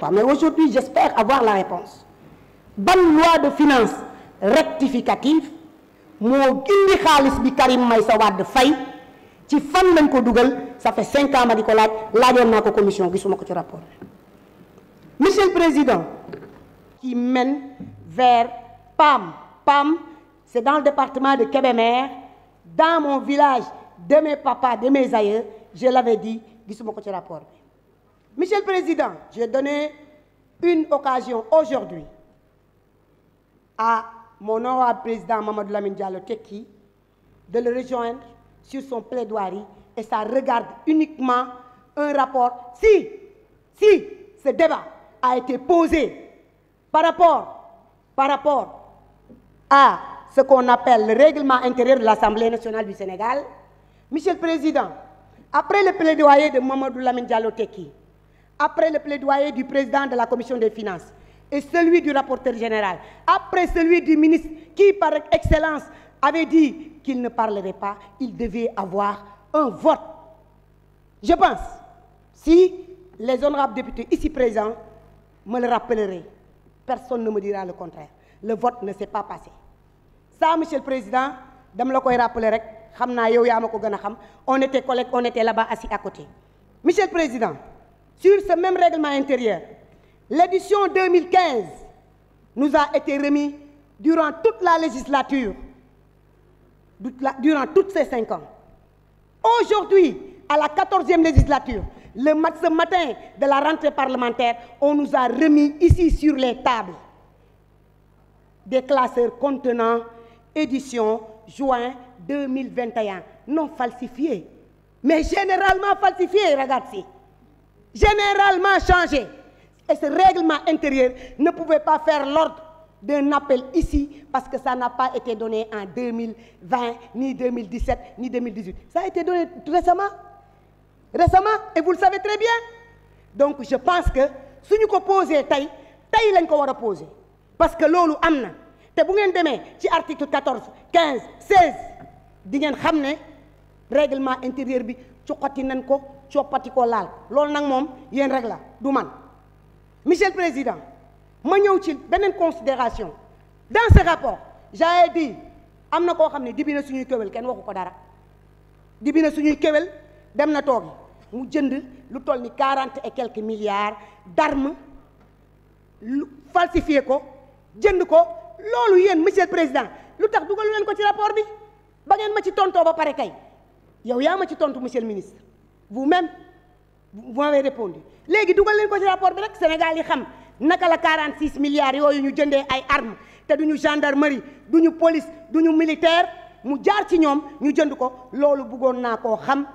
waaw mais aujourd'hui j'espère avoir la réponse ban loi de finances rectificative moo gindi xaalis bi Karim Meïssa Wade fay ci fan lañ ko dugal ça fait cinq ans ma di ko laaj laajoon naa ko commission gisuma ko ci rapport monsieur le président qui men vers PAM PAM c'est dans le département de Kébémer dans mon village de mes papas de mes aïeux je l'avais dit gisuma ko ci rapport bi Monsieur le Président, j'ai donné une occasion aujourd'hui à mon honorable président Mamadou Lamine Diallo Tekki de le rejoindre sur son plaidoirie et ça regarde uniquement un rapport. Si, si ce débat a été posé par rapport, par rapport à ce qu'on appelle le règlement intérieur de l'Assemblée nationale du Sénégal, Monsieur le Président, après le plaidoyer de Mamadou Lamine Diallo Tekki, après le plaidoyer du président de la commission des finances et celui du rapporteur général, après celui du ministre qui, par excellence, avait dit qu'il ne parlerait pas, il devait avoir un vote. Je pense, si les honorables députés ici présents me le rappelleraient, personne ne me dira le contraire. Le vote ne s'est pas passé. Ça, Monsieur le Président, dama la koy rappeler rek xam naa yow yaa ma ko gën a xam on était collègues on était là-bas assis à côté Monsieur Président sur ce même règlement intérieur, l'édition 2015 nous a été remis durant toute la législature, durant toutes ces cinq ans. Aujourd'hui, à la 14e législature, le ce matin de la rentrée parlementaire, on nous a remis ici sur les tables des classeurs contenant édition juin 2021, non falsifiés, mais généralement falsifiés, ragazzi. généralement changé. Et ce règlement intérieur ne pouvait pas faire l'ordre d'un appel ici parce que ça n'a pas été donné en 2020, ni 2017, ni 2018. Ça a été donné récemment. Récemment, et vous le savez très bien. Donc je pense que su ñu ko posé tey tey lañ ko war a posé parce que loolu am na te bu ngeen demee ci article 14 15 16 di ngeen xam ne règlement intérieur bi cuqati nañ ko coppati ko laal loolu nag moom yéen rek la du man monsieur président ma ñëw ci beneen considération dans ce rapport j'ai dit am na koo xam ne dibi na suñuy kéwél kenn waxu ko dara dibi na suñuy kéwél dem na toogi mu jënd lu toll ni quarante et quelques milliards d'armes lu falsifié ko jënd ko loolu yéen monsieur président lu tax dugalu leen ko ci rapport bi ba ngeen ma ci tontoo ba pare kay yow yaa ma ci tontu monsieur ministre vous-même vous m'avez répondu léegi dugal leen ko si rapport bi rek Sénégal yi xam naka la 46 milliards yooyu ñu jëndee ay armes te du duñu gendarmerie duñu police ñu militaire mu jaar ci ñoom ñu jënd ko loolu buggoon naa koo xam